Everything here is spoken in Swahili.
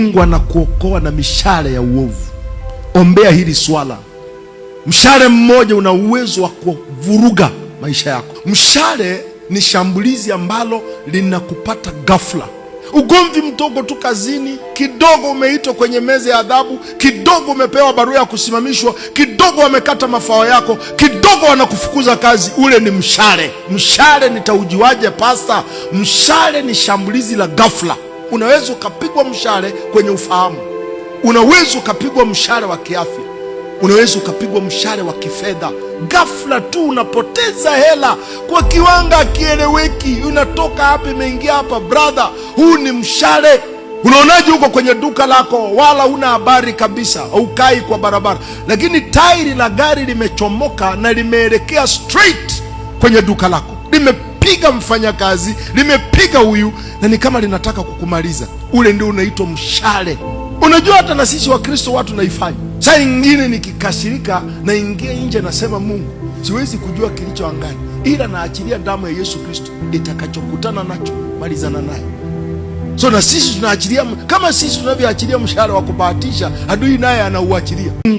Mungu anakuokoa na mishale ya uovu. Ombea hili swala. Mshale mmoja una uwezo wa kuvuruga maisha yako. Mshale ni shambulizi ambalo linakupata ghafla. Ugomvi mdogo tu kazini, kidogo umeitwa kwenye meza ya adhabu, kidogo umepewa barua ya kusimamishwa, kidogo wamekata mafao yako, kidogo wanakufukuza kazi. Ule ni mshale. Mshale ni taujiwaje, pasta? Mshale ni shambulizi la ghafla unaweza ukapigwa mshale kwenye ufahamu, unaweza ukapigwa mshale wa kiafya, unaweza ukapigwa mshale wa kifedha. Ghafla tu unapoteza hela kwa kiwango akieleweki, unatoka hapa imeingia hapa. Brother, huu ni mshale. Unaonaje? huko kwenye duka lako, wala huna habari kabisa, aukai kwa barabara, lakini tairi la gari limechomoka na limeelekea straight kwenye duka lako, limepiga mfanyakazi, limepiga huyu na ni kama linataka kukumaliza. Ule ndio unaitwa mshale. Unajua, hata na sisi Wakristo watu naifanya saa nyingine, nikikasirika naingia nje, nasema Mungu, siwezi kujua kilicho angani, ila naachilia damu ya Yesu Kristo, itakachokutana nacho malizana naye So na sisi tunaachilia, kama sisi tunavyoachilia mshahara wa kubahatisha, adui naye anauachilia.